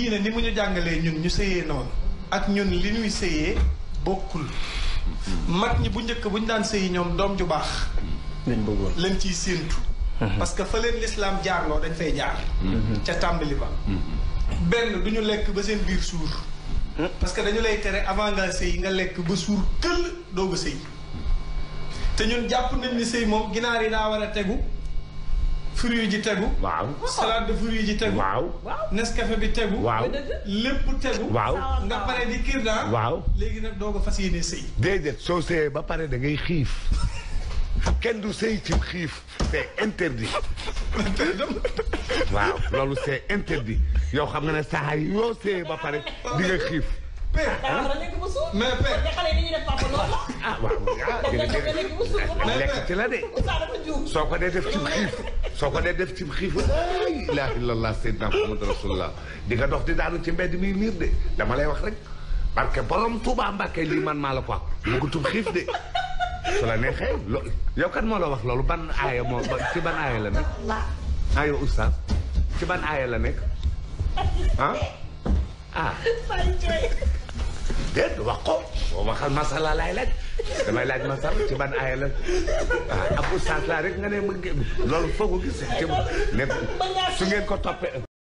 lii diine ni mu ñu jàngalee ñun ñu sëyee noonu ak ñun li ñuy sëyee bokkul mag ñi bu njëkk bu ñu daan sëyi ñoom doom ju baax lañ lañ ciy séentu parce que fa leen lislaam jaarloo dañ fay jaar ca tàmbali ba benn du ñu lekk ba seen biir suur parce que dañu lay tere avant nga sëy nga lekk ba suur këll doog a sëy te ñun jàpp nañ ni sëy moom ginaar yi daa war a tegu fruit ji tegu. waaw salade de fruit ji tegu. waaw Nescafé bi tegu. waaw lépp tegu. waaw di kir daal. waaw léegi nag doo ko fas yéene sëy. déedéet soo sëyee ba pare da ngay xiif kenn du sëy ci xiif c'est interdit. waaw loolu c'est interdit yoo xam nga ne saa yoo sëyee ba pare di nga xiif. Ah, mais père. lekk ci la de soo ko de def cib xiif ko dee def cib xiif laa ilaaha illallah seydina muhammad rasulullah ci mbedd mi miir de dama lay wax rek parce que borom Tuubaa Mbàkke la ko wax mu ko tub xiif de su la neexee loolu yow kan moo la wax loolu ban aaya moo ci ban aaya la nekk aaya ah, oustaz ci ban aaya la nekk ah ah déet wax damay laaj ma sax ci ban aaya la ah ab oustaz la rek nga ne ma loolu foo ko gis. su ngeen ko toppee.